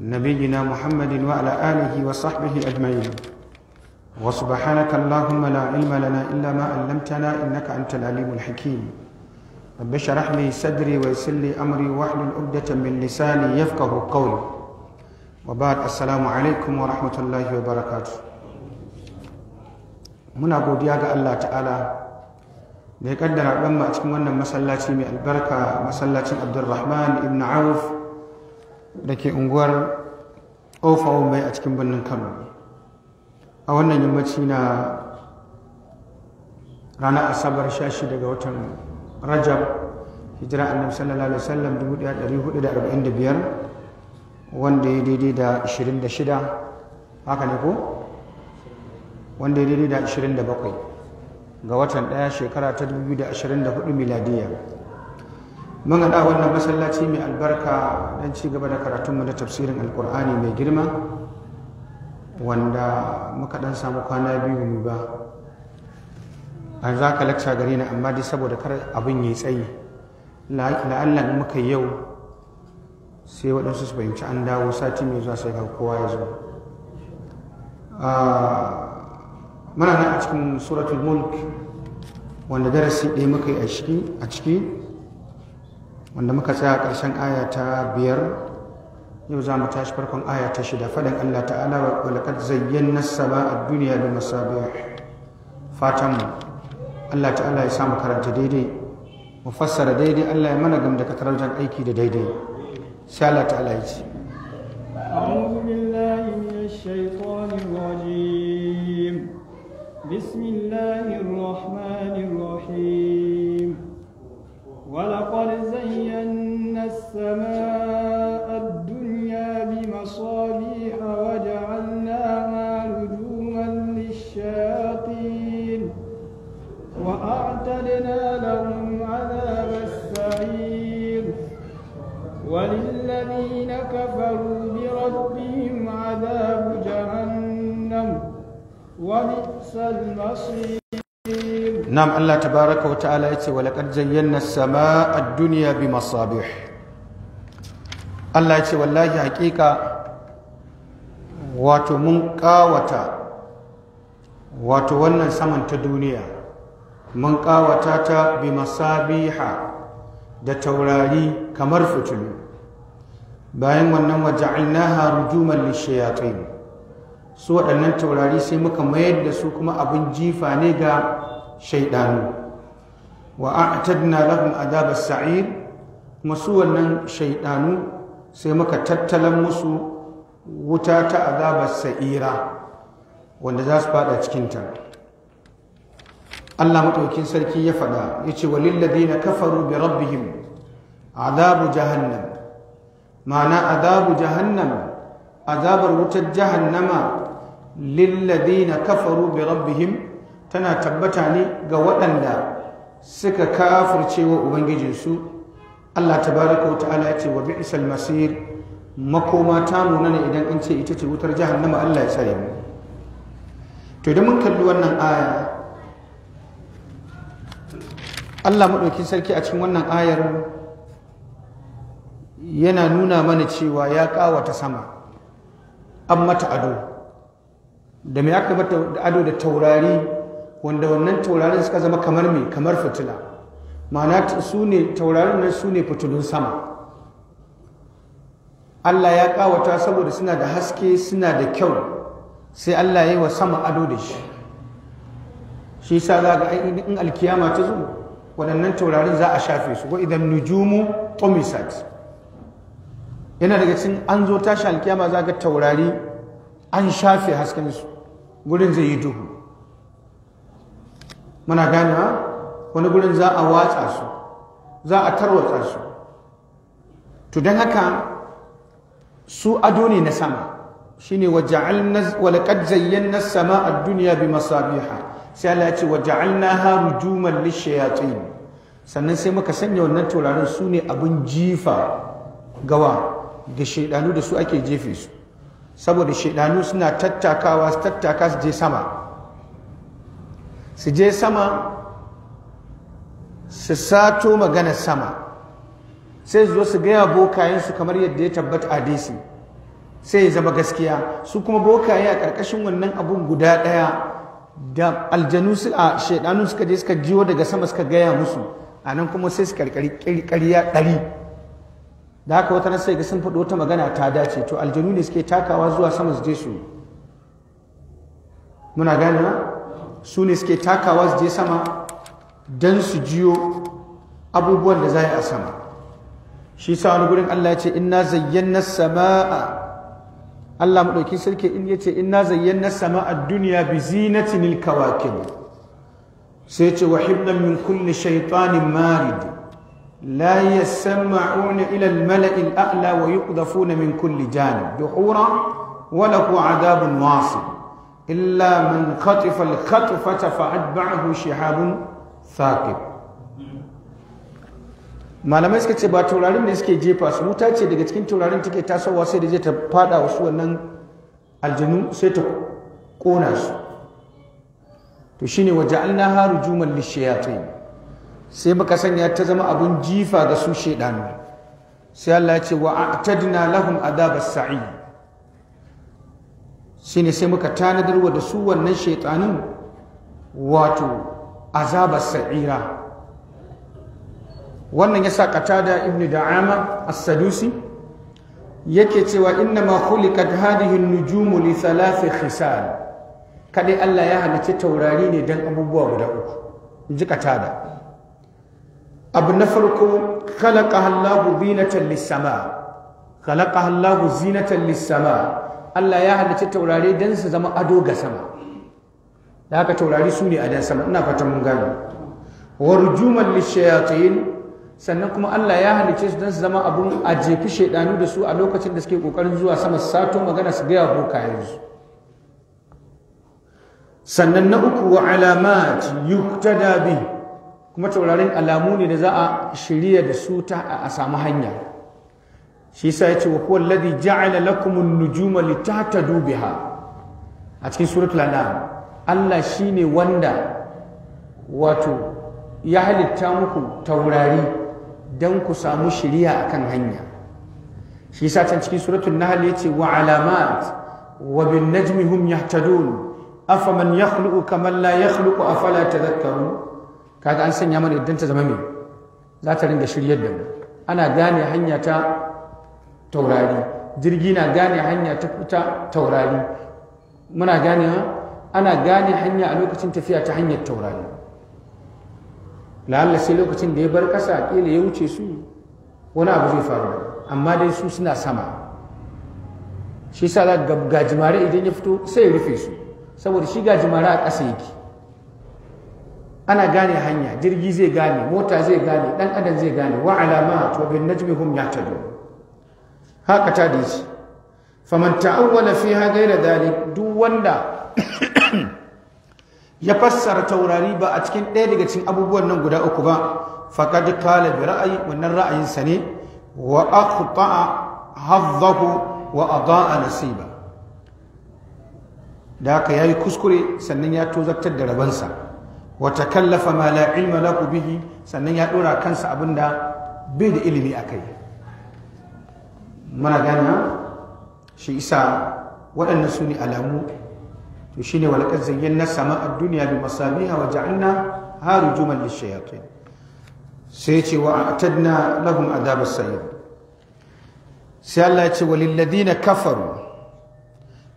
نبينا محمد وعلى آله وصحبه أجمعين وسبحانك اللهم لا علم لنا إلا ما علمتنا إنك أنت العليم الحكيم رب اشرح لي صدري ويسر لي أمري واحلل عقدة من لساني يفقه قولي وبعد السلام عليكم ورحمة الله وبركاته من أبو دياغ الله تعالى da ya kaddara ɗan a cikin wannan masallaci mai albarka masallacin abdulrahman ibn auf da ke unguwar ofa mai a cikin birnin kano a wannan yammaci na ranar asabar shashi daga watan rajab hijira annabi sallallahu alaihi wasallam 1445 wanda ya daidai da 26 haka ne ko wanda ya daidai da 27 ga watan daya shekara ta 2024 miladiyya mun wannan masallaci mai albarka don ci gaba da karatunmu na tafsirin alkur'ani mai girma wanda muka ɗan samu kwana biyu mu ba an za ka lakca gare ni amma dai saboda kar abin ya tsayi la'alla in muka yau sai waɗansu su fahimci an dawo sati mai zuwa sai ga kowa ya zo ah, muna nan a cikin suratul mulk wanda darasi ɗaya muka yi a ciki wanda muka tsaya ƙarshen aya ta biyar yau za mu tashi farkon aya ta shida faɗin Allah ta'ala wa laqad zayyana nasaba a duniya da bi masabiha fatan Allah ta'ala ya samu karanta daidai mu fassara daidai Allah ya mana gamda katar jan aiki da daidai sai Allah ta'ala ya ce أعوذ بالله من الشيطان الرجيم Nam Allah tabaraka wa ta'ala yace wa laqad zayyana as-samaa ad-dunya bi masabih. Allah yace wallahi hakika wato mun kawata wato wannan saman ta duniya mun kawata ta bi masabiha da taurari kamar fitilu bayan wannan waja'alnaha rujuman lishayatin su waɗannan taurari sai muka mayar da su kuma abin jifa ne ga shaidanu wa a'tadna lahum adab as-sa'ir kuma su wannan shaidanu sai muka tattalan musu wuta ta azabar sa'ira wanda za su fada cikinta Allah maɗaukin sarki ya faɗa ya ce walilladina kafaru bi rabbihim azabu jahannam ma'ana azabu jahannam azabar wutar jahannama lilladina kafaru bi rabbihim tana tabbata ne ga waɗanda suka kafirce cewa ubangijinsu Allah tabaraka wa ta'ala ya ce wa bi'sal masir makoma ta ne idan an ce ita ce wutar jahannama Allah ya tsare mu to idan mun kalli wannan aya Allah maɗauki sarki a cikin wannan ayar yana nuna mana cewa ya ƙawata sama an mata ado da mai aka mata ado da taurari wanda wannan taurarin suka zama kamar mai kamar fitila ma'ana su ne taurarin nan su ne fitilun sama Allah ya kawata saboda suna da haske suna da kyau sai Allah ya yi wa sama ado da shi shi sa za ga in alkiyama ta zo waɗannan taurarin za a shafe su ko idan nujumu tumisat yana daga cikin an zo tashi alkiyama za ga taurari an shafe hasken su gurin zai yi duhu muna ganewa wani gurin za a watsa su za a tarwatsa su to don haka su ado ne na sama shine waja'alna sama zayyana as-samaa ad-dunya bimasabiha sai Allah ya ce waja'alnaha rujuman lish-shayatin sannan sai muka sanya wannan taurarin su ne abin jifa gawa da shaidanu da su ake jefe su saboda shaidanu suna tattakawa su tattaka su je sama su je sama su sato magana sama sai su zo su gaya su kamar yadda ya tabbata a desi sai ya zama gaskiya su kuma bokaye a ƙarƙashin wannan abun guda ɗaya da aljanu a shaidanu suka je suka jiwo daga sama suka gaya musu a nan kuma sai su karkari ƙarya ɗari da haka wata nasarar ga sun faɗi wata magana ta dace to aljanu ne suke takawa zuwa sama su je su muna ganewa su ne suke takawa su je sama don su jiyo abubuwan da za a sama shi sa wani gurin Allah ya ce inna zayyana sama'a Allah maɗauki sarki in yace inna zayyana sama'a duniya bi zinatinil kawakin sai ce wa min kulli shaitanin marid لا يسمعون إلى الملأ الأعلى ويقذفون من كل جانب دحورا وله عذاب واصب إلا من خطف الخطفة فأتبعه شهاب ثاقب malamai suka ce ba taurarin ne suke jefa su wuta ce daga cikin taurarin take tasowa sai da je ta fada wasu wannan aljanu sai ta kona su to shine waje alnaha rujuman lishayatin sai muka sanya ta zama abun jifa ga su shaidanu sai Allah ya ce wa a'tadna lahum adhabas sa'i shine sai muka tanadarwa da su wannan shaitanin wato azabar sa'ira wannan yasa qatada ibn da'ama as-sadusi yake cewa inna ma khuliqat hadhihi an-nujum li thalath khisal kadai Allah ya halicci taurari ne dan abubuwa guda uku in inji qatada abu na farko khalaqa Allahu zinatan lis-sama khalaqa Allahu zinatan lis-sama Allah ya halicci taurari dan su zama ado ga sama da haka taurari su ne adan sama ina fata mun gane warjuman lishayatin sannan kuma Allah ya halicci su don su zama abun a jefi shaidanu da su a lokacin da suke kokarin zuwa sama su, sato magana su gaya su. sannan na uku wa alamat yuktada bi kuma taurarin alamu ne da za a shirya da su ta a samu hanya shi sa yace wa huwa alladhi ja'ala lakum an-nujuma litatadu biha a cikin suratul anam Allah shine wanda wato ya halitta muku taurari dan ku samu shiriya akan hanya shi sa can cikin suratul nahl yace wa alamat wa bin najmi hum yahtadun afaman yakhluqu kaman la yakhluqu afala tadhakkarun kaga an sanya mana idan ta zama mai za ta ringa shiryar da mu ana gane hanya ta taurari jirgi na gane hanya ta taurari muna gane ana gane hanya a lokacin tafiya ta hanyar taurari la'alla sai lokacin da ya bar kasa kila ya wuce su wani abu zai faru amma dai su suna sama shi sa za ga gajimare idan ya fito sai ya rufe su saboda shi gajimare a ƙasa yake ana gane hanya jirgi zai gane mota zai gane dan adam zai gane wa alamat to bin najmi hum yahtadun haka ta dace faman ta'awwala fiha ghayra dhalik duk wanda ya fassara taurari ba a cikin ɗaya daga cikin abubuwan nan guda uku ba faqad qala bi ra'ayi wannan ra'ayin sa ne wa akhta'a haddahu wa adaa nasiba da haka yayi kuskure sannan ya tozartar da rabansa wa takallafa ma la ilma lahu bihi sannan ya dora kansa abinda bai da ilimi akai muna gana shi isa waɗannan su ne alamu to shine a zayyana sama'a ad-dunya bi masabiha wa ja'alna harujuman lish sai ce wa atadna lahum adab as-sayyid sai Allah ya ce walil ladina kafaru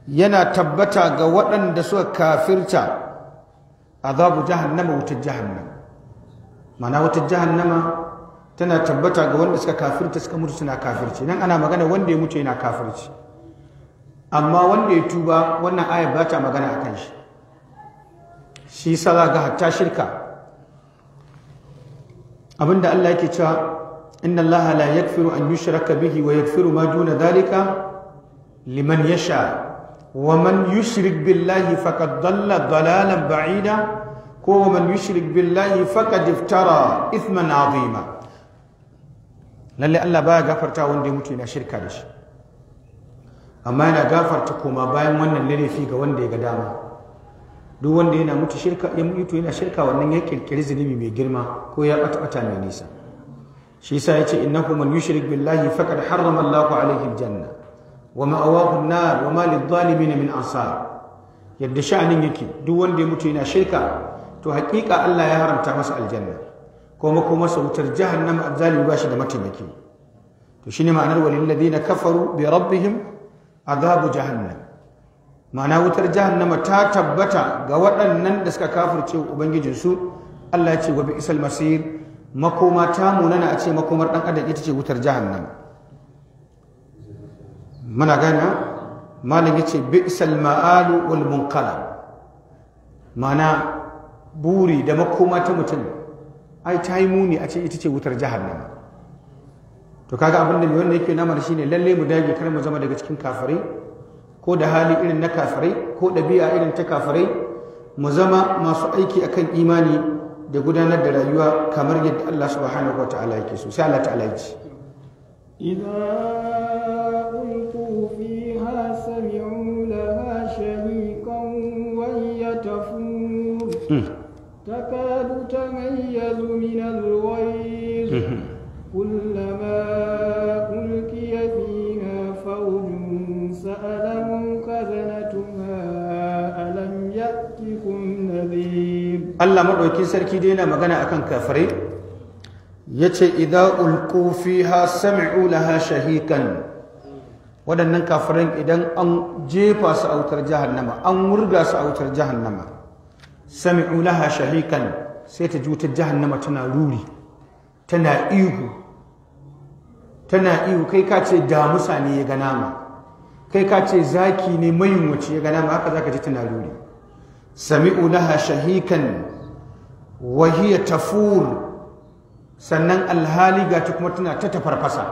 yana tabbata ga waɗanda suka kafirta azabu jahannama wutar jahannama ma'ana wutar jahannama tana tabbata ga wanda suka kafirta suka mutu suna kafirci nan ana magana wanda ya mutu yana kafirci amma wanda ya tuba wannan ayar ba ta magana a kan shi shi sara ga hatta shirka abinda Allah yake cewa inna Allah la yakfiru an yushraka bihi wa yakfiru ma duna dhalika liman yasha ومن يشرك بالله فقد ضل ضلالا بعيدا ko man yushrik billahi faqad iftara ithman azima lalle Allah baya gafarta wanda ya mutu yana shirka da shi amma yana gafarta koma bayan wannan laifi ga wanda ya ga dama duk wanda yana mutu shirka ya mutu yana shirka wannan ya kirkiri zunubi mai girma ko ya bata bata mai nisa shi yasa yace innahu man yushrik billahi faqad harrama Allahu alaihi aljanna wa ma'awahu nar wa ma lidh-dhalimin min ansa. yadda sha'anin yake duk wanda ya mutu yana shirka to hakika Allah ya haramta masa aljanna ko makomarsa wutar jahannama azzalimi ba shi da mataimaki to shine ma'anar walil ladina kafaru bi rabbihim azabu jahannam ma'ana wutar jahannama ta tabbata ga waɗannan da suka kafirce ubangijinsu Allah ya ce wa bi'sal masir makoma ta munana a ce makomar ɗan adam ita ce wutar jahannama muna malin malam yace bi'sal ma'alu wal kala mana buri da makoma ta mutum ai ta yi muni a ce ita ce wutar jahannama to kaga abin da mai wannan yake namar shine lalle mu dage kar mu zama daga cikin kafirai ko da hali irin na kafirai ko da biya irin ta kafirai mu zama masu aiki akan imani da gudanar da rayuwa kamar yadda Allah subhanahu wa ta'ala yake so sai Allah ta'ala ya idan Hmm. تكاد تميز من الغيظ hmm. كلما ألقي فيها فوج سألهم خزنتها ألم يأتكم نذير الله مدعوكي سركي دينا مغانا أكن كافري yace idza ulqu fiha sam'u laha shahikan waɗannan kafirin idan an jefa su a wutar jahannama an wurga su a wutar jahannama sami'u laha shahikan sai ta ji wutar jahannama tana ruri tana ihu tana ihu kai ka ce damusa ne ya ga nama kai ka ce zaki ne mayunwaci ya ga nama haka zaka ji tana ruri sami'u laha shahikan wa hiya tafur sannan alhali ga ta kuma tana ta tafarfasa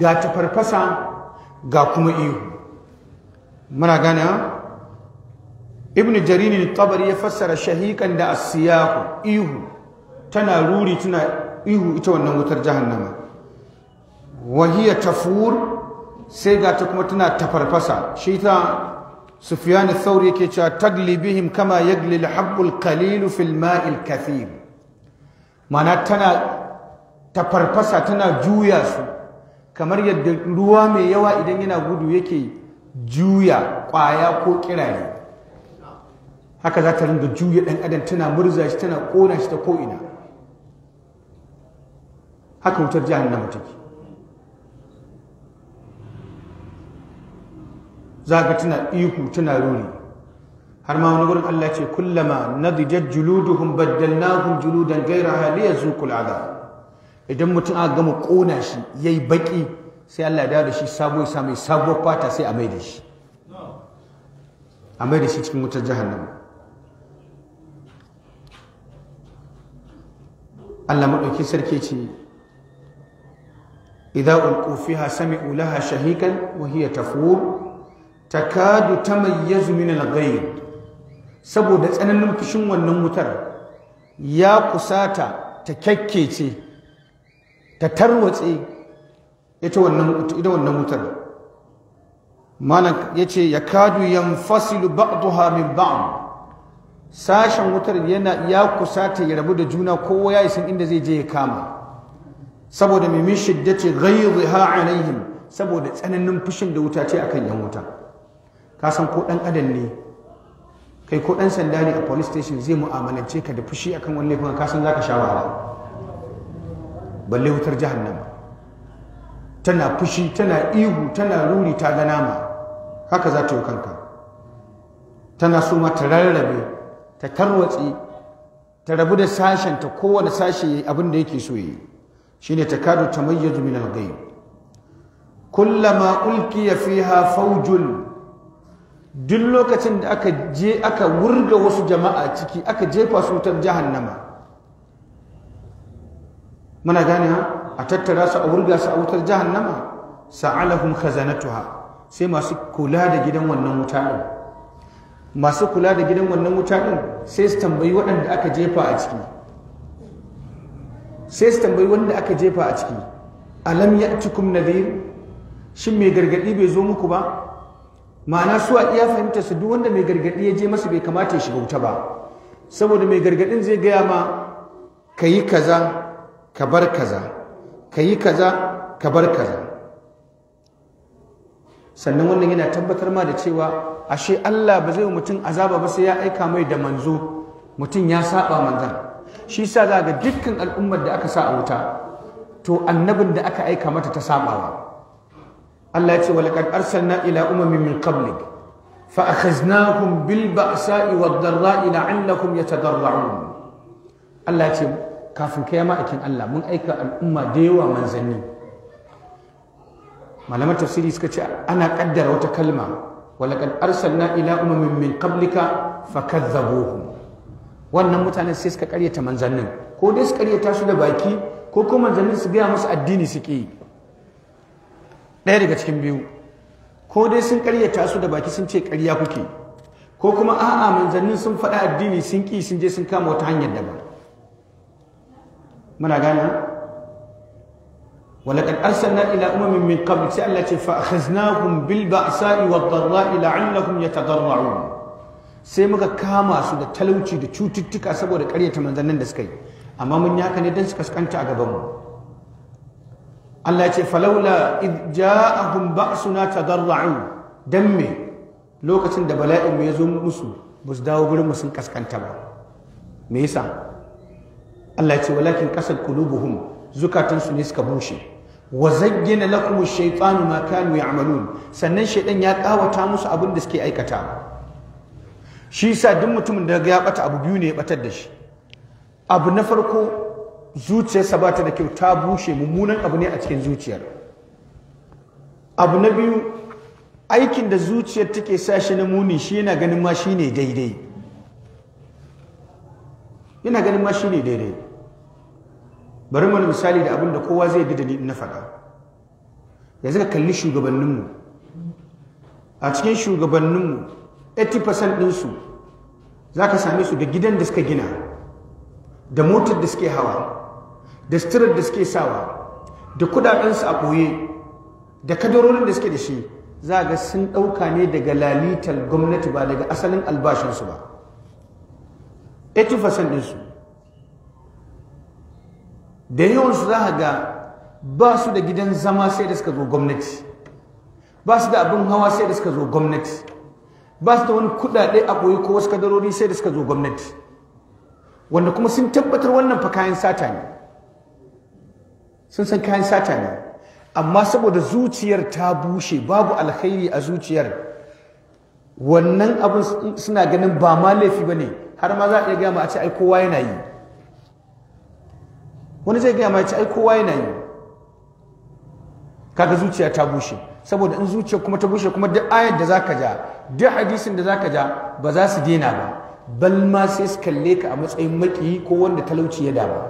ga farfasa ga kuma ihu muna gane ibn jaririn tabari ya fassara shahikan da asiyaku ihu tana ruri tana ihu ita wannan wutar jahannama wahiya tafur sai ga ta kuma tana tafarfasa shi ta sufyan thauri yake cewa taglibihim kama yagli habbul qalil fil ma'il kathir mana tana tafarfasa tana juya su kamar yadda ruwa mai yawa idan yana gudu yake juya kwaya ko kirare haka za ta ringa juya ɗan adam tana murza shi tana ƙona shi ta ko'ina haka wutar jahannama take za ka tana ihu tana ruri har ma wani gurin Allah ce kullama nadijat juluduhum baddalnahum juludan ghayraha kula azab idan mutum aka gama ƙona shi ya yi baƙi sai Allah ya dawo da shi sabo ya sabuwar fata sai a mai da shi a mai da shi cikin wutar jahannama Allah maɗauki sarki ce idza ulqu fiha sami'u laha shahikan wa hiya tafur takadu tamayyazu min al-ghayb saboda tsananin fushin wannan wutar ya kusata ta kyakkece ta tarwatse ita wannan ita wannan wutar malan yace yakadu yanfasilu ba'daha min ba'd sashen wutar yana ya kusa ta ya rabu da juna kowa ya isan inda zai je ya kama saboda mai min shiddati ha alaihim saboda tsananin fushin da wuta ce akan yan wuta ka san ko dan adam ne kai ko dan sanda ne a police station zai mu'amalance ka da fushi akan wani laifin ka san zaka sha wahala balle wutar jahannama tana fushi tana ihu tana ruri ta ga nama haka za ta yi kanka tana so ma ta rarrabe ta tarwatse ta rabu da sashen ta kowane sashe abin da yake so yi shine takadu tamayyazu min al ulki ya fi fiha faujul duk lokacin da aka je aka wurga wasu jama'a ciki aka jefa su ta jahannama muna gane ha a tattara su a wurga su a wutar jahannama sa'alahum khazanatuha sai masu kula da gidan wannan wuta masu kula da gidan wannan wuta ɗin sai su tambayi waɗanda aka jefa a ciki sai su tambayi wanda aka jefa a ciki alam ya cikum nadir shin mai gargaɗi bai zo muku ba ma'ana su a iya fahimta su duk wanda mai gargaɗi ya je masa bai kamata ya shiga wuta ba saboda mai gargaɗin zai gaya ma ka yi kaza ka bar kaza ka yi kaza ka bar kaza sannan wannan yana tabbatar ma da cewa ashe Allah ba zai mutum azaba ba sai ya aika mai da manzo mutum ya saba manzan shi sa za ga dukkan al'ummar da aka sa a wuta to annabin da aka aika mata ta sabawa Allah ya ce walaqad arsalna ila umamin min qablik fa akhadnahum bil ba'sa'i wad dharra'i la'allakum yatadarra'un Allah ya ce kafin kai ma'aikin Allah mun aika al'umma da yawa manzanni Malamai tafsiri suka ce ana kaddara wata kalma walaƙad arsalna ila umamin min qablika fakadzabuhum wannan mutane sai suka karyata manzannin ko dai su karyata su da baki ko kuma manzannin su gaya musu addini suke yi ɗaya daga cikin biyu ko dai sun karyata su da baki sun ce karya kuke ko kuma a'a manzannin sun faɗa addini sun ƙi sun je sun kama wata hanyar daban muna gane ولقد أرسلنا إلى أمم من قبل سألت فأخذناهم بالبأساء والضراء لعلهم يتضرعون sai muka kama su da talauci da cututtuka saboda karyata manzannin da suka yi amma mun yi haka ne don su kaskanta a gabanmu Allah ya ce falaula id ja'ahum ba'suna tadarra'u dan me lokacin da bala'in mu ya zo musu ba su dawo gurin mu sun kaskanta ba me yasa Allah ya ce walakin qasad qulubuhum zukatansu ne suka bushe wa zayyana lakum ash-shaytanu ma kanu ya'malun sannan shaytan ya kawata musu abin da suke aikata shi yasa duk mutumin da ya bata abu biyu ne ya batar da shi abu na farko zuciyarsa ba ta da kyau ta bushe mummunan abu ne a cikin zuciyar abu na biyu aikin da zuciyar take sa shi na muni shi yana ganin ma daidai ganin ma ne daidai bari mana misali da abin da kowa zai bi da ni na faɗa yanzu ka kalli shugabanninmu a cikin shugabanninmu 80% ɗinsu za ka same su da gidan da suka gina da motar da suke hawa da sitirar da suke sawa da kudadensu a ɓoye da kadarorin da suke da shi za ga sun ɗauka ne daga lalital gwamnati ba daga asalin albashinsu ba 80% ɗinsu da yawansu za a ga ba su da gidan zama sai da suka zo gwamnati ba su da abin hawa sai da suka zo gwamnati ba su da wani kudade a koyi ko wasu kadarori sai da suka zo gwamnati wanda kuma sun tabbatar wannan fa kayan sata ne sun san kayan sata ne amma saboda zuciyar ta bushe babu alkhairi a zuciyar wannan abin suna ganin ba ma laifi ba ne har ma za a iya gama a ce ai kowa yana yi wani zai gaya ma ai kowa yana yi kaga zuciya ta bushe saboda in zuciya kuma ta bushe kuma duk ayar da zaka ja duk hadisin da zaka ja ba za su daina ba bal sai su kalle ka a matsayin maki ko wanda talauci ya dama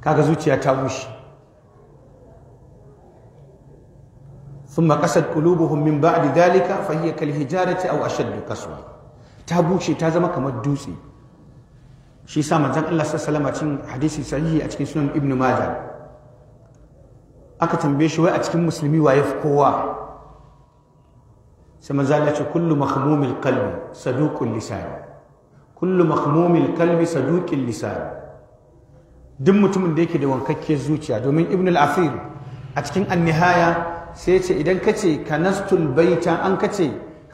kaga zuciya ta bushe ثم قست قلوبهم من بعد ذلك فهي كالحجارة أو أشد قسوة ta bushe ta zama kamar dutse shi sa manzon Allah sallallahu alaihi cikin hadisi sahihi a cikin sunan Ibn Majah aka tambaye shi wai a cikin musulmi waye kowa sai manzon Allah ce kullu mahmumil qalbi saduqul lisan kullu mahmumil qalbi saduqul lisan duk mutumin da yake da wankakke zuciya domin ibn al-afir a cikin annihaya sai ce idan ka ce kanastul baita an ka ce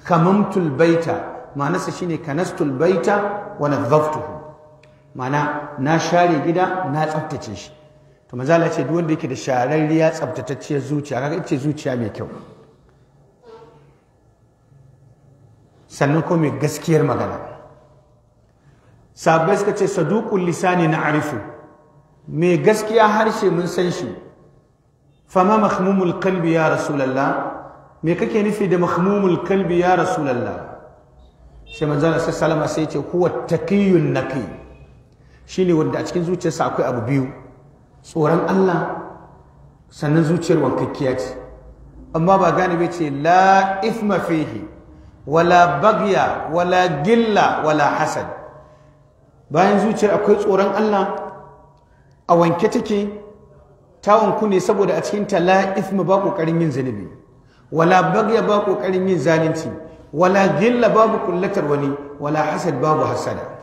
kamamtul baita ma'anarsa shine kanastul baita wa nadhaftuhu mana na share gida na tsaftace shi to mazala ce duk wanda yake da shararriya tsaftatacciyar zuciya kaga ce zuciya mai kyau sannan ko mai gaskiyar magana sabai suka ce saduqul lisani na arifu mai gaskiya harshe mun san shi fama mahmumul kalbi ya rasulallah me kake nufi da mahmumul kalbi ya rasulallah sai manzala sai salama sai ce huwa na naqi shine wanda a cikin zuciyarsa akwai abu biyu tsoron Allah sannan zuciyar wankakkiya ce amma ba gane bai ce la ifma fihi wala bagya wala gilla wala hasad bayan zuciyar akwai tsoron Allah a wanke take ta wanku ne saboda a cikin ta la ifma ba kokarin yin zanibi wala bagya ba kokarin yin zalunci wala gilla babu kullatar wani wala hasad babu hasada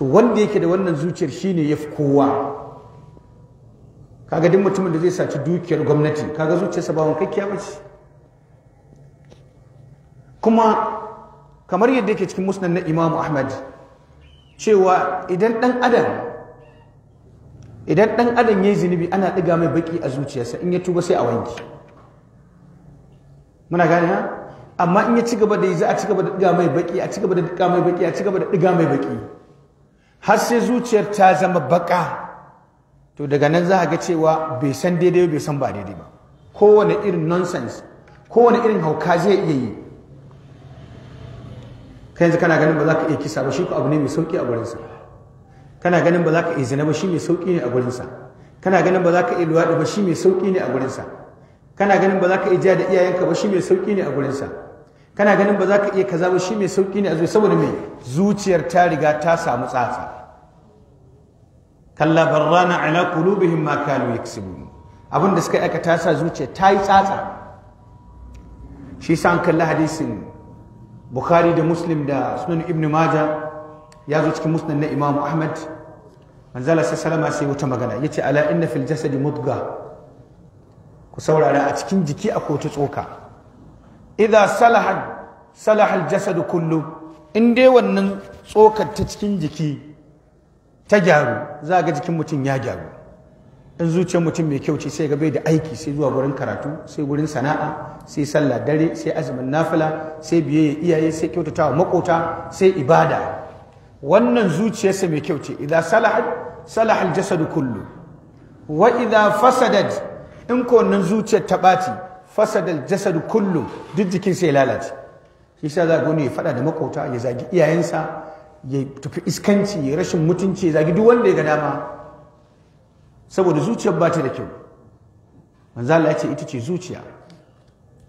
to wanda yake da wannan zuciyar shine yafi kowa kaga duk mutumin da zai saci dukiyar gwamnati kaga zuciyarsa ba wankakkiya ba ce kuma kamar yadda yake cikin musnad na Imam Ahmad cewa idan dan adam idan dan adam yayi zunubi ana diga mai baki a zuciyarsa in ya tuba sai a wanki muna gane ha amma in ya ci gaba da yi za a ci gaba da diga mai baki a ci gaba da diga mai baki a ci gaba da diga mai baki har sai zuciyar ta zama baka to daga nan za a ga cewa bai san daidai bai san ba daidai ba kowane irin nonsense kowane irin hauka zai iya yi kai yanzu kana ganin ba za ka iya kisa ba shi ko abu ne mai sauki a gurinsa kana ganin ba za ka iya zina ba shi mai sauki ne a gurinsa kana ganin ba za ka iya luwaɗi ba shi mai sauki ne a gurinsa kana ganin ba za ka iya ja da iyayenka ba shi mai sauki ne a gurinsa kana ganin ba za ka iya kaza ba shi mai sauki ne a zuwa saboda mai zuciyar ta riga ta samu tsatsa kalla barrana ala qulubihim ma kanu yaksubun abin da suka aikata sa zuciya ta yi tsatsa shi sa an kalla hadisin bukhari da muslim da sunan ibnu majah ya zo cikin musnad na imam ahmad manzala sallama sai wata magana yace ala inna fil jasadi mudga ku saurara a cikin jiki akwai ta tsoka idza salaha salaha jasad kullu in dai wannan tsokar ta cikin jiki ta gyaru za ga jikin mutum ya gyaru in zuciyar mutum mai kyau ce sai ga bai da aiki sai zuwa gurin karatu sai gurin sana'a sai sallah dare sai azumin nafila sai biyayya iyaye sai kyautatawa makota sai ibada wannan zuciyarsa mai kyau ce idha salahat salaha aljasad kullu wa idha fasadat in ko wannan zuciyar ta ɓaci fasadal jasadu kullum duk jikin sai lalace shi sa za wani ya fada da makauta ya zagi iyayensa ya tafi iskanci ya rashin mutunci ya zagi duk wanda ya ga dama saboda zuciyar ba ta da kyau manzo Allah ya ce ita ce zuciya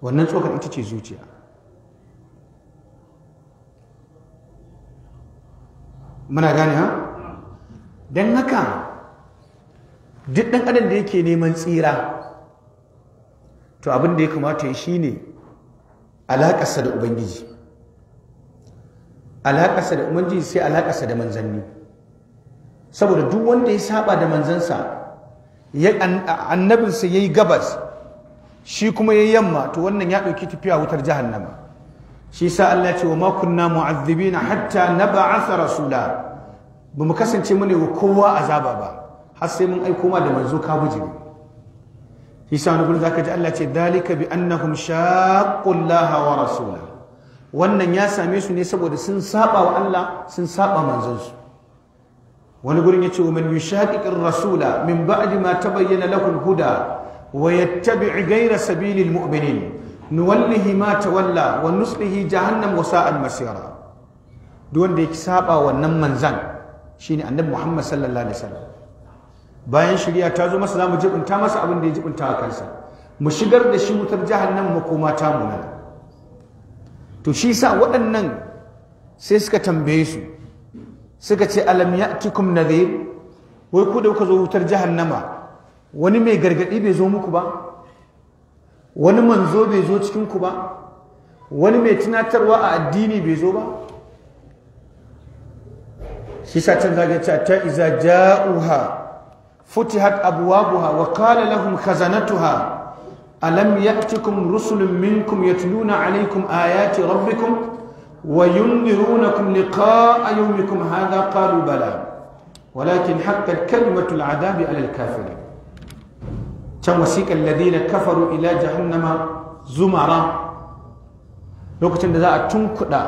wannan tsokar ita ce zuciya muna gane ha don haka duk ɗan adam da yake neman tsira to abin da ya kamata ya shi ne alaƙarsa da ubangiji alaƙarsa da ubangiji sai alaƙarsa da manzanni saboda duk wanda ya saba da manzansa annabinsa ya yi gabas shi kuma ya yi yamma to wannan ya ɗauki tafiya wutar jahannama shi sa Allah ce wa ma kunna mu'azzibina hatta nab'atha rasula ba mu kasance mu ne wa kowa azaba ba har sai mun aiko ma da manzo ka bujiri isa wani gurin zaka ji Allah ce dalika bi annahum shaqqullaha wa rasula wannan ya same su ne saboda sun saba wa Allah sun saba manzansu wani gurin yace wa man yushaqiqir rasula min ba'di ma tabayyana lahu huda wa yattabi' ghayra sabilil mu'minin nuwallihi ma tawalla wa nuslihi jahannam wa sa'al masira duk wanda ya saba wannan manzan shine annabi Muhammad sallallahu alaihi wasallam bayan shirya ta zo masa zamu jibinta masa abin da ya jibinta a kansa mu shigar da shi wutar mu koma ta mu nan to shi sa waɗannan sai suka tambaye su suka ce alam na nadhir wai ku da kuka zo wutar jahannama wani mai gargadi bai zo muku ba wani manzo bai zo cikin ku ba wani mai tunatarwa a addini bai zo ba shi sa can ta iza ja'uha فتحت أبوابها وقال لهم خزنتها ألم يأتكم رسل منكم يتلون عليكم آيات ربكم وينذرونكم لقاء يومكم هذا قالوا بلى ولكن حقت كلمة العذاب على الكافرين كم وسيق الذين كفروا إلى جهنم زمرا لوكتن ذا تنكدا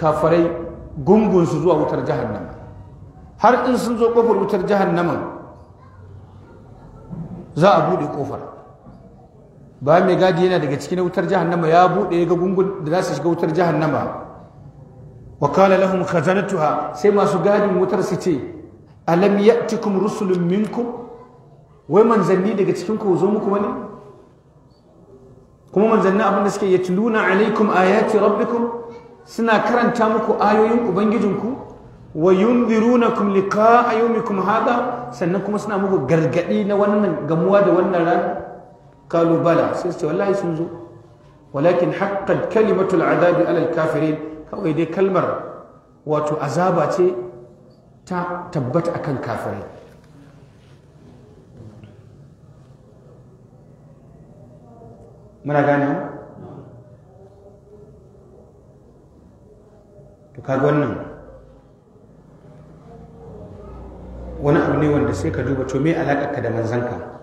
كافري gungun su zuwa wutar jahannama har in sun zo kofar wutar jahannaman za a buɗe ƙofar ba mai gadi yana daga cikin wutar jahannama ya buɗe ga gungun da za su shiga wutar jahannama wa qala lahum khazanatuha sai masu gadin wutar su ce alam ya'tikum rusulun minkum wai manzanni daga cikin ku zo muku wani kuma manzanni abin da suke yatluna alaikum ayati rabbikum suna karanta muku ayoyin ubangijinku wa yunzirunakum liqa'a yawmikum hada sannan kuma suna muku gargaɗi na wannan gamuwa da wannan ran kalubala sai ce wallahi sun zo walakin haqqat kalimatul azabi alal kafirin kawai dai kalmar wato azaba ce ta tabbata akan kafirai muna gane to kaga wannan wani abu ne wanda sai ka duba to me ka da manzanka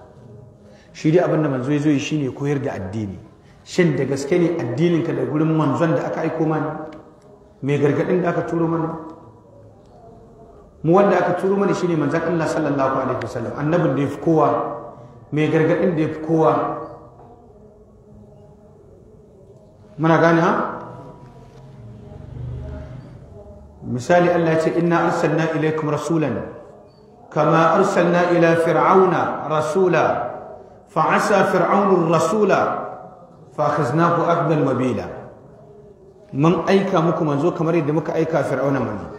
shi dai abin da manzo ya zo yi shine koyar da addini shin da gaske ne addininka da gurin manzon da aka aiko mana mai gargadin da aka turo mana mu wanda aka turo mana shine manzon Allah sallallahu alaihi wasallam annabin da ya fi kowa mai gargadin da ya fi kowa muna gane ha misali Allah ya ce inna arsalna ilaikum rasulan كما أرسلنا إلى فرعون رسولا فعسى فرعون الرسول فأخذناه أخذا وبيلا من أيكا مكو منزو كما ريد مكا أيكا فرعون منزو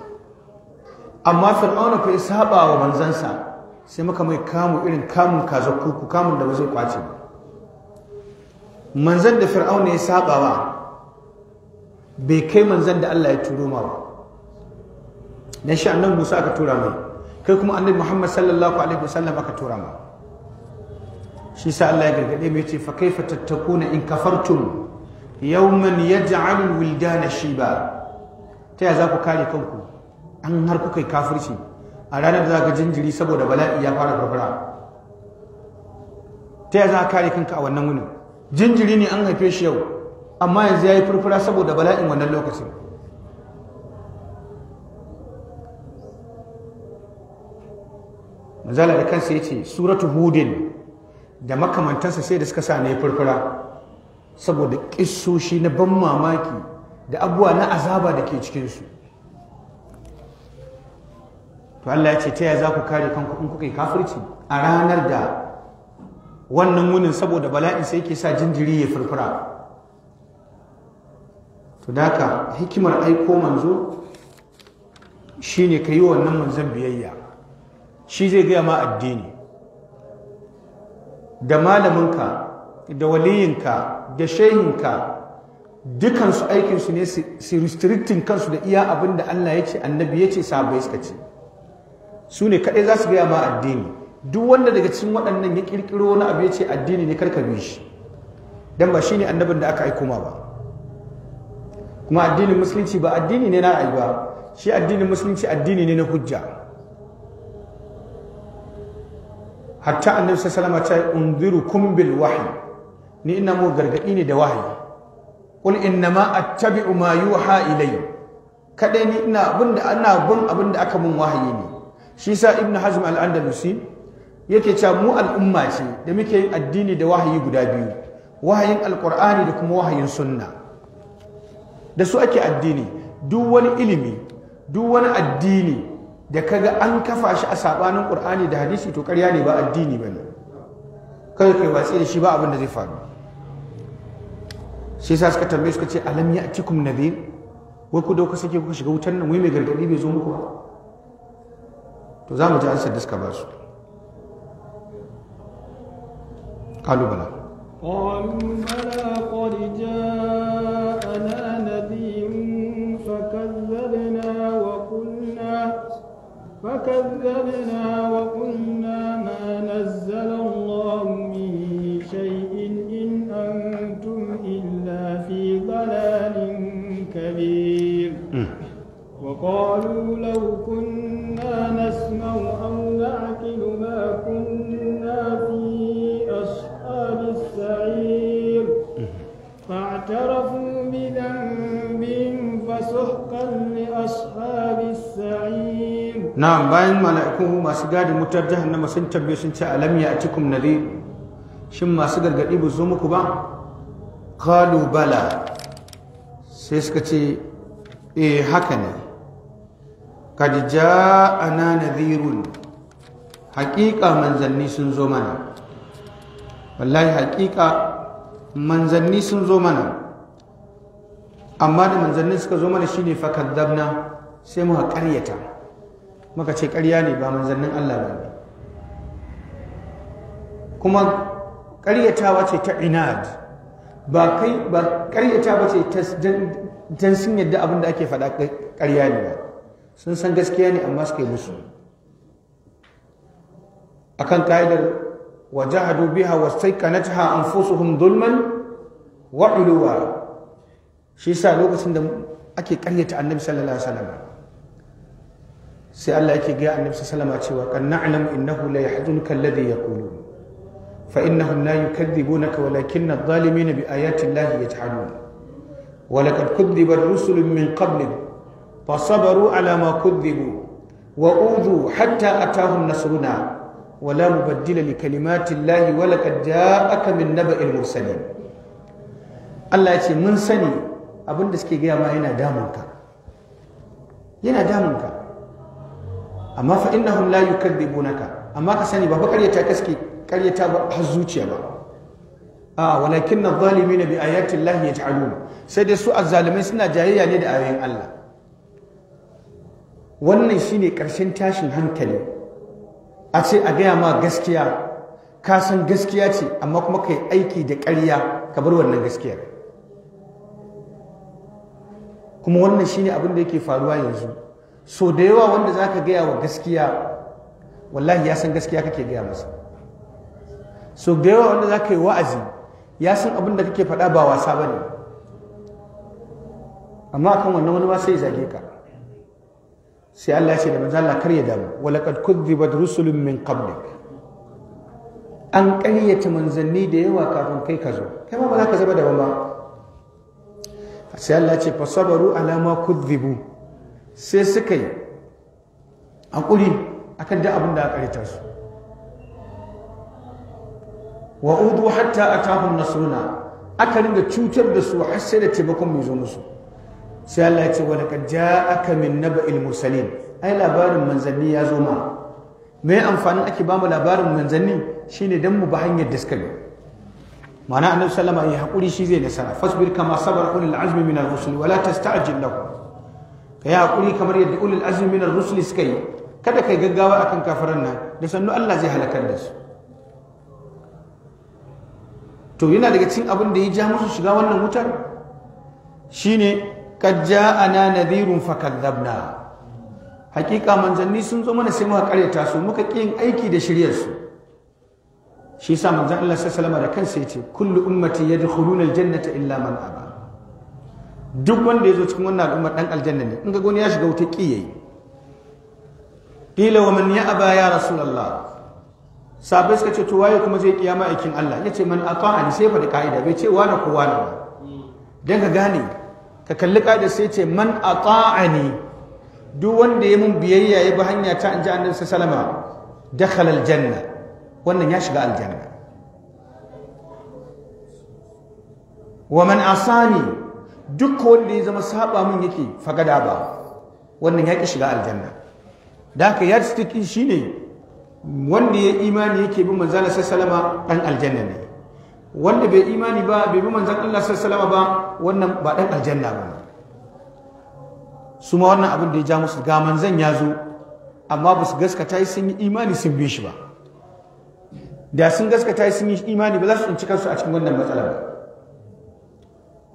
أما فرعون في إسهابا ومنزنسا سيمكا مي كامو إلين كامو كازوكوكو كامو دوزي قاتل منزن دا فرعون إسهابا وا بكي منزن دا الله يتولو ما وا نشأ أنه موسى كتولا منه kai kuma annabi Muhammad sallallahu alaihi wasallam aka tura ma shi sa Allah ya gargade mai ce fa kaifa tattakuna in kafartum yawman yaj'al wildana shiba ta ya za ku kare kanku an har kuka yi kafirci a ranar da za ka jinjiri saboda bala'i ya fara farfara ta ya za ka kare kanka a wannan wuni jinjiri ne an haife shi yau amma yanzu ya yi furfura saboda bala'in wannan lokacin manzala da kansa ya ce suratu hudin da makamantansa sai da suka sa ne furfura saboda ƙisoshi na ban mamaki da abubuwa na azaba da ke cikinsu to Allah ya ce ta ya za ku kare kanku in kuka yi kafirci a ranar da wannan wunin saboda bala'in sai ke sa jinjiri ya furfura to hikimar aiko manzo shine ka yi wannan manzon biyayya shi zai gaya ma addini da malaminka da waliyinka da shehinka dukansu aikinsu ne su restricting kansu da iya abin da Allah ya ce annabi ya ce sabai suka ce su ne kaɗai za su gaya ma addini duk wanda daga cikin waɗannan ya ƙirƙiro wani abu ya ce addini ne karka bi shi don ba shi ne annabin da aka aiko ma ba kuma addinin musulunci ba addini ne na ba shi addinin musulunci addini ne na hujja hatta annabi sallallahu salama wasallam ya ce bil wahyi ni ina mu gargadi ne da wahayi qul innama attabi'u ma yuha ilayya kadai ni ina da ana bin da aka mun wahayi ne shi sa ibn hazm al-andalusi yake cewa mu al'umma ce da muke yin addini da wahayi guda biyu wahayin alqur'ani da kuma wahayin sunna da su ake addini duk wani ilimi duk wani addini da kaga an kafa shi a sabanin qur'ani da hadisi to karya ne ba addini ba ne kai kai watsi da shi ba abin da zai faru shi yasa suka tambaye suka ce alam ya'tikum nadhir wai ku dauka sake kuka shiga wutar nan wai mai gargadi bai zo muku ba to za mu ji ansar da suka ba su Kalu Bala. اعتدنا وقلنا ما نزل الله من شيء إن أنتم إلا في ضلال كبير وقالوا لو كنا na'am bayan mala'iku masu gadin mutar jahannama sun tambaye sun ce alam ya atikum nadhir shin masu gargadi ba zo muku ba qalu bala sai suka ce eh haka ne kad ja'ana nadhirun haqiqa manzanni sun zo mana wallahi haqiqa manzanni sun zo mana amma da manzanni suka zo mana shine fakadzabna sai muka karyata muka ce ƙarya ne ba manzannin Allah ba ne kuma ƙaryatawa ce ta inad ba kai ba ƙaryatawa ce ta dan sun yadda abin da ake faɗa ƙarya ne ba sun san gaskiya ne amma suka yi musu akan ka'idar wa jahadu biha wastaiqanatha anfusuhum dhulman wa uluwa shi sa lokacin da ake ƙaryata annabi sallallahu alaihi wasallam sai Allah yake ga annabi Salama cewa kan innahu la yahzunka ya kulu fa innahum la yukadhibunaka walakinna adh-dhalimina bi ayati allahi yaj'alun wa laqad kudhiba rusulun min fa fasabaru ala ma kudhibu wa udhu hatta atahum nasruna wa la mubaddila li kalimati allahi wa laqad ja'aka min naba'il mursalin Allah ya ce mun sani abinda suke gaya ma yana damunka yana damunka amma fa innahum la yukadzibunaka amma ka sani ba fa karyata kaske karyata ba har zuciya ba a walakin adh na bi ya llahi yaj'alun sai dai su azzalimai suna jayayya ne da ayoyin Allah wannan shine karshen tashin hankali a ce a gaya ma gaskiya ka san gaskiya ce amma kuma yi aiki da ƙarya ka bar wannan gaskiyar kuma wannan shine abin da yake faruwa yanzu so da yawa wanda za ka gaya wa gaskiya wallahi ya san gaskiya kake gaya masa so da yawa wanda za ka yi wa'azi ya san abin da kake faɗa ba wasa ba ne amma kan wannan wani ma sai zage ka sai Allah ya ce da manzo Allah kar ya damu walaqad kudhibat rusulun min qablik an ƙaryata manzanni da yawa kafin kai ka zo kai ma ba za ka zama da ba sai Allah ya ce fasabaru ala ma sai suka yi Hakuri akan da abin da aka rita su wa udu hatta atahum nasruna aka ringa cutar da su har sai da taimakon mai zo musu sai Allah ya ce wa laqad ja'aka min naba'il mursalin ai labarin manzanni ya zo ma me amfanin ake ba mu labarin manzanni shine dan mu ba hanyar da suka bi ma'ana annabi sallama ya hakuri shi zai nasara fasbir kama sabar ulul azmi min ar-rusul wa la tasta'jil ka yi haƙuri kamar yadda ulul azmi na rusuli suka yi kada kai gaggawa akan kafarar nan da sannu Allah zai halakar da su to yana daga cin abin da ya ja musu shiga wannan wutar shine kad ja'ana nadhirun fakadzabna hakika manzanni sun zo mana sai muka karyata su muka yin aiki da shiryar su shi yasa manzon Allah sallallahu alaihi wasallam da kansa yace kullu ummati yadkhuluna aljannata illa man'aba. duk wanda ya zo cikin wannan al'ummar dan aljanna ne in ga goni ya shiga wuta kiyaye kila wa man aba ya rasulullah sabai suka ce to waye kuma zai kiyama aikin Allah yace man ni sai fa da kaida bai ce wani ko wani ba dan ka gane ka kalli kaida sai ce man ata'ani duk wanda ya mun biyayya ya bi hanya ta anja annabi wasallam dakhala aljanna wannan ya shiga aljanna wa man asani duk wanda ya zama saba mun yake fagada ba wannan ya ki shiga aljanna da haka ya stikin ne wanda ya imani yake bin manzan Allah sallallahu dan aljanna ne wanda bai imani ba bai bi manzan Allah sallallahu ba wannan ba dan aljanna ba suma wannan abin da ya ja musu ga manzan ya zo amma ba su gaskata sun yi imani sun bi shi ba da sun gaskata sun yi imani ba za su tsinci kansu a cikin wannan matsala ba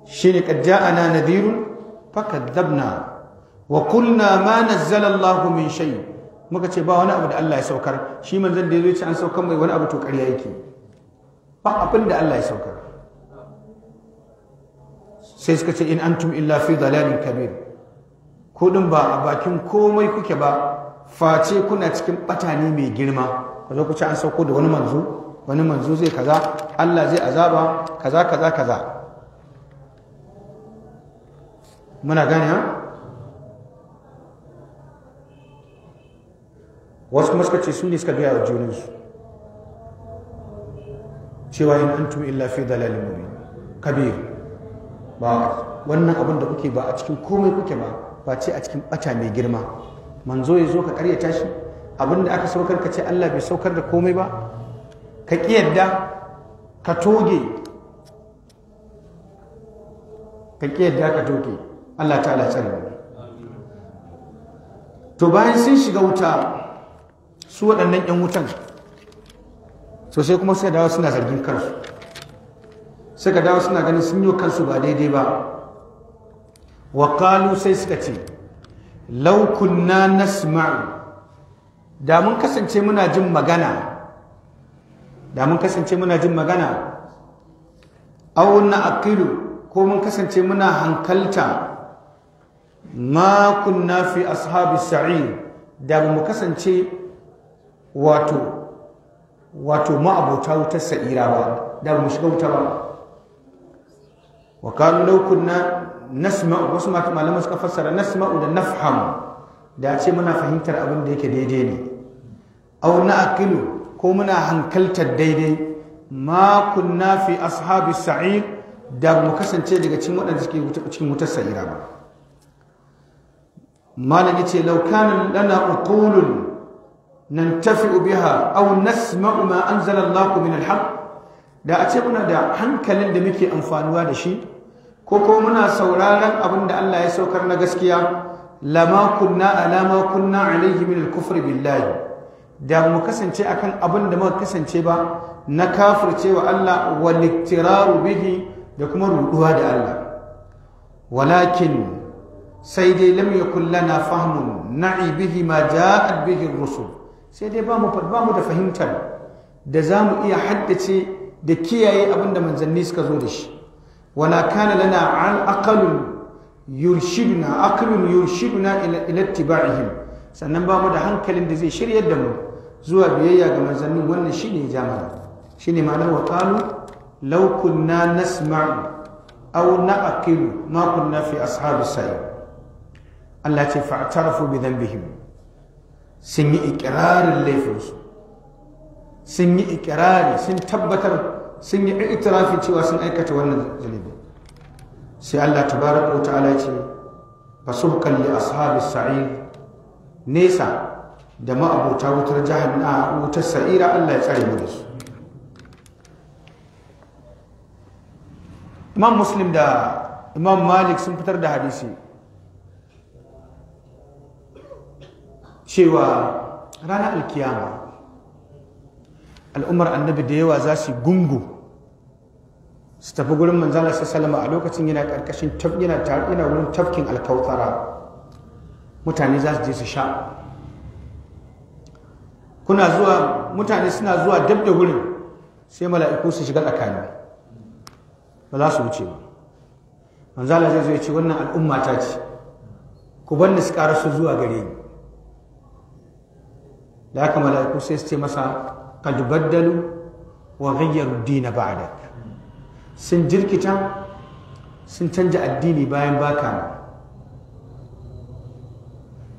shine kad ja'ana nadhirun fakadzabna wa qulna ma nazzala Allahu min shay muka ce ba wani abu da Allah ya saukar shi manzon da yazo ce an saukar mai wani abu to ƙarya yake ba abin da Allah ya saukar sai suka ce in antum illa fi dalalin kabir ko din ba a bakin komai kuke ba face kuna cikin batani mai girma ka zo ku ce an sauko da wani manzo wani manzo zai kaza Allah zai azaba kaza kaza kaza muna gane ha wasu kuma suka ce su ne suka gaya wa junansu cewa yin antum illa fi dalalin mubin kabir ba wannan abin da kuke ba a cikin komai kuke ba ba ce a cikin bata mai girma manzo ya zo ka karyata shi abin da aka saukar ka ce Allah bai saukar da komai ba ka kiyarda ka toge ka kiyarda ka toge Allah ta'ala tsare mu to bayan sun shiga wuta su waɗannan 'yan wutan so sai kuma suka dawo suna zargin kansu suka dawo suna ganin sun yi kansu ba daidai ba wa sai suka ce law kunna nasma'u da mun kasance muna jin magana da mun kasance muna jin magana aw na aqilu ko mun kasance muna hankalta ma kunna fi ashabi sa'ir da ba mu kasance wato wato abota wutar sa'ira ba da ba mu shiga wuta ba wa kan law kunna nasma'u wasu malama suka fassara nasma da nafham da ce muna fahimtar abin da yake daidai ne aw na'qilu ko muna hankaltar daidai ma kunna fi ashabi sa'ir da ba mu kasance daga cikin waɗanda suke cikin wutar sa'ira ba Malami ce, law kana lana uqulun nantafi'u biha aw nasma'u ma anzala Allah min al-haq da a ce muna da hankalin da muke amfanuwa da shi ko ko muna sauraron abin da Allah ya saukar na gaskiya lama kunna alama kunna alaihi min al-kufri billahi da mu kasance akan abin da muka kasance ba na kafircewa Allah wal bihi da kuma ruduwa da Allah walakin sai dai lam yakul lana fahmun na'i bihi ma ja'at bihi rusul sai dai ba mu da fahimtar da za mu iya haddace da kiyaye abinda manzanni suka zo da shi wala kana lana al aqalun yurshiduna aqlun yurshiduna ila ittiba'ihim sannan ba mu da hankalin da zai shirya da mu zuwa biyayya ga manzannin wannan shine jama'a shine ma'anar wa qalu law kunna nasma'u aw na'qilu ma kunna fi ashabis sai. Allah ce fa'tarafu bi dhanbihim sun yi ikirarin laifinsu sun yi ikirari sun tabbatar sun yi itirafi cewa sun aikata wannan zunubi sai Allah tabaraka wa ta'ala ce fasubkan li ashabi sa'ir nesa da ma'abota wutar jahannama wutar sa'ira Allah ya tsare mu da su Imam Muslim da Imam Malik sun fitar da hadisi cewa ranar alkiyama al'ummar annabi da yawa za su gungu su tafi gurin manzana su sallama a lokacin yana karkashin yana yana wurin tafkin alkautara mutane za su je su sha kuna zuwa mutane suna zuwa dab da wurin sai mala'iku su shiga tsakani ba za su wuce ba Manzana zai zo ya ce wannan al'umma ta ce ku banni su ƙara su zuwa gare ni da haka mala'iku sai su ce masa qad baddalu wa ghayyaru dina ba'dak sun jirkita sun canja addini bayan baka nan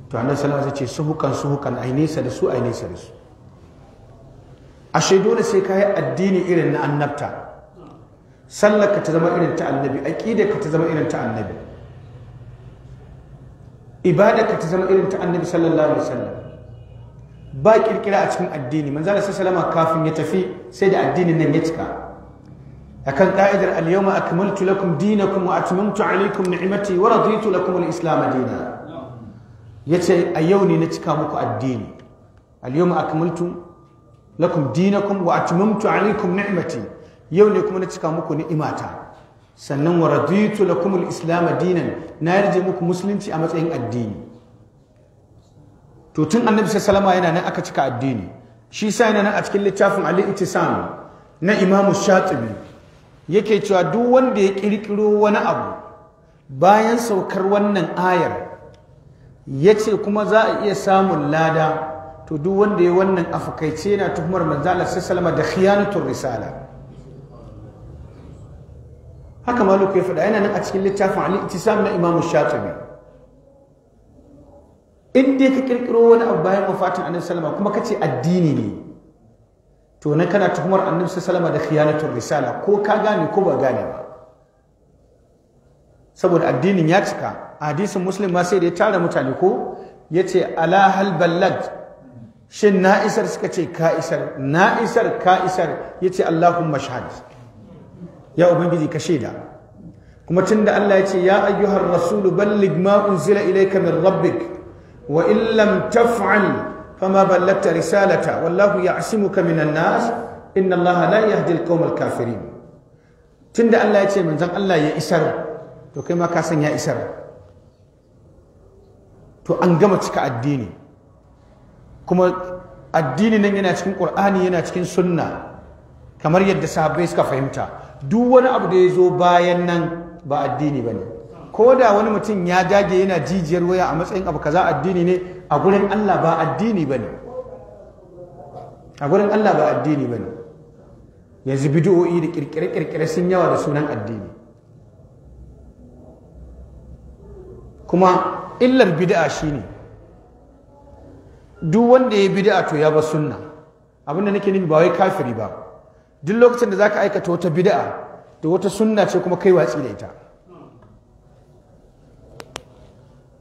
to annabi sallallahu alaihi ce suhukan suhukan ai nesa da su ai nesa da su ashe dole sai ka yi addini irin na annabta ka ta zama irin ta annabi ka ta zama irin ta annabi ka ta zama irin ta annabi sallallahu alaihi wasallam ba kirkira a cikin addini manzo Allah sallama kafin ya tafi sai da addinin nan ya cika akan ka'idar al-yawma akmaltu lakum dinakum wa atmamtu alaykum ni'mati wa raditu lakum al-islam dinan yace a yau ne na cika muku addini al-yawma akmaltu lakum dinakum wa atmamtu alaykum ni'mati yau ne kuma na cika muku ni'imata sannan wa raditu lakum al-islam dinan na yarje muku musulunci a matsayin addini to tun annabi sallallahu yana nan aka cika addini shi sa yana nan a cikin littafin Ali Ittisam na Imam Shatibi yake cewa duk wanda ya kirkiro wani abu bayan saukar wannan ayar yace kuma za a iya samun lada to duk wanda ya wannan afakaice yana tuhumar manzo Allah sallallahu da khiyanatul risala haka maluku ya faɗa yana nan a cikin littafin Ali Ittisam na Imam Shatibi in dai ka kirkiro wani abu bayan wafatin annabi sallama kuma ka ce addini ne to nan kana tuhumar annabi sallama da khiyanatul risala ko ka gane ko ba gane ba saboda addinin ya cika hadisin muslim ma sai da ya tara mutane ko ya ce ala hal ballad shin na isar suka ce ka isar na isar ka isar ya ce allahumma shahad ya ubangiji ka shaida kuma tunda Allah ya ce ya ayyuhar rasulu ballig ma unzila ilayka min rabbik wa illam taf'al fama ballagta risalata wallahu ya'simuka minan nas inna Allah la yahdi al kafirin tunda Allah ya ce manzon Allah ya isar to kai ma ka san ya isar to an gama cika addini kuma addini nan yana cikin Qur'ani yana cikin sunna kamar yadda sahabbai suka fahimta duk wani abu da ya zo bayan nan ba addini bane ko da wani mutum ya jage yana jijiyar waya a matsayin abu kaza addini ne a gurin Allah ba addini bane a gurin Allah ba addini ne yanzu bid'o'i da kirkire-kirkire sun yawa da sunan addini kuma illar bid'a shine duk wanda ya bid'a to ya ba sunna abinda nake nufi ba wai kafiri ba duk lokacin da zaka aikata wata bid'a da wata sunna ce kuma kai watsi da ita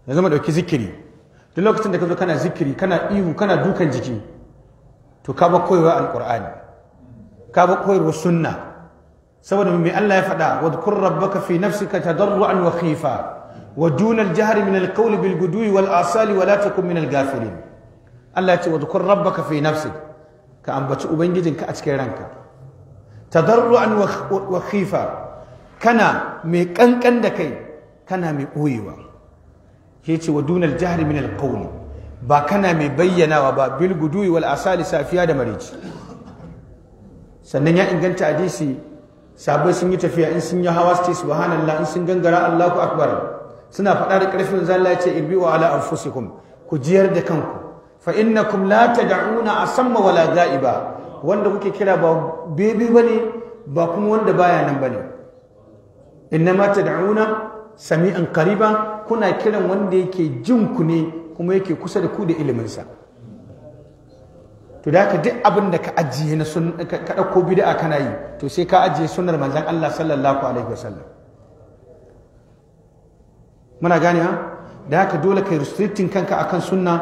yanzu mu ɗauki zikiri duk lokacin da ka zo kana zikiri kana ihu kana dukan jiki to ka ba koyarwa alqur'ani ka ba koyarwa sunna saboda mai Allah ya faɗa wadkur rabbaka fi nafsika tadarruan wa khifa wa dunal jahri min alqawli bil gudwi wal asali wa la takun min al Allah ya ce wadkur rabbaka fi nafsik ka ambaci ubangijinka a cikin ranka tadarruan wa khifa kana mai kankan da kai kana mai ɓoyewa ya ce wa dunal jahri min alqawli ba kana mai bayyanawa ba bil gudui wal asali safiya da marici sannan ya inganta hadisi sabai sun yi tafiya in sun yi hawa su ce subhanallah in sun gangara Allahu akbar suna faɗa da ƙarfin zalla ya ce irbi'u ala anfusikum ku jiyar da kanku fa innakum la tad'una asamma wala ga'iba wanda kuke kira ba bebi bane ba kuma wanda baya nan bane innama tad'una sami'an qariba kuna kiran wanda yake jin ku ne kuma yake kusa da ku da iliminsa to da ka duk abin da ka ajiye na sun ka dauko bid'a kana yi to sai ka ajiye sunnar manzon Allah sallallahu alaihi wasallam muna gane ha da haka dole kai restricting kanka akan sunna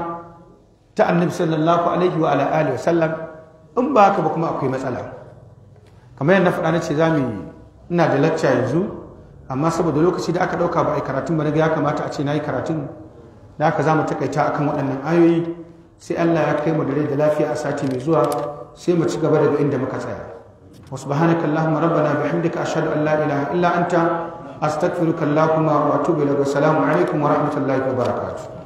ta annabi sallallahu alaihi wa ala alihi wasallam in ba haka ba kuma akwai matsala kamar yadda na faɗa na ce za mu ina da lacca yanzu amma saboda lokaci da aka ɗauka ba a yi karatun ba na ya kamata a ce na yi karatun da aka za mu takaita akan waɗannan ayoyi sai Allah ya kai mu da rai da lafiya a sati mai zuwa sai mu ci gaba daga inda muka tsaya wa subhanaka allahumma rabbana bihamdika ashhadu an la ilaha illa anta astaghfiruka allahumma wa atubu ilaik assalamu alaikum wa rahmatullahi wa barakatuh